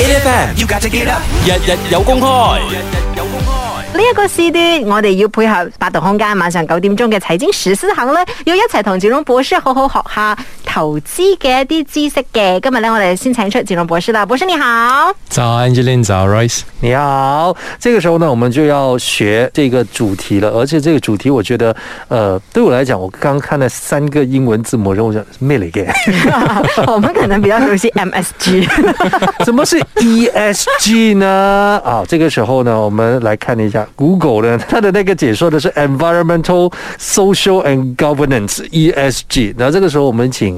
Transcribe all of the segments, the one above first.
Up, up, 日日有公開，日日有公開。呢一個時段，我哋要配合八度空間晚上九點鐘嘅財經十四行啦，要一齊同錦榮博士好好學一下。投資嘅一啲知識嘅，今日咧我哋先請出錦榮博士啦，博士你好，早 Angeline 早 Rice，你好。這個時候呢，我們就要學這個主題了，而且這個主題我覺得，呃，對我來講，我剛看了三個英文字母，讓我想 m i l l i 我們可能比較熟悉 MSG，什麼是 ESG 呢？ 啊，這個時候呢，我們來看一下 Google 呢，它的那個解說的是 Environmental，Social and Governance，ESG。然後這個時候，我們請。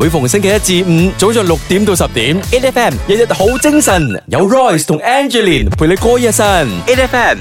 每逢星期一至五，早上六點到十點，A F M 日日好精神，有 Royce 同 Angelina 陪你過一晨，A F M。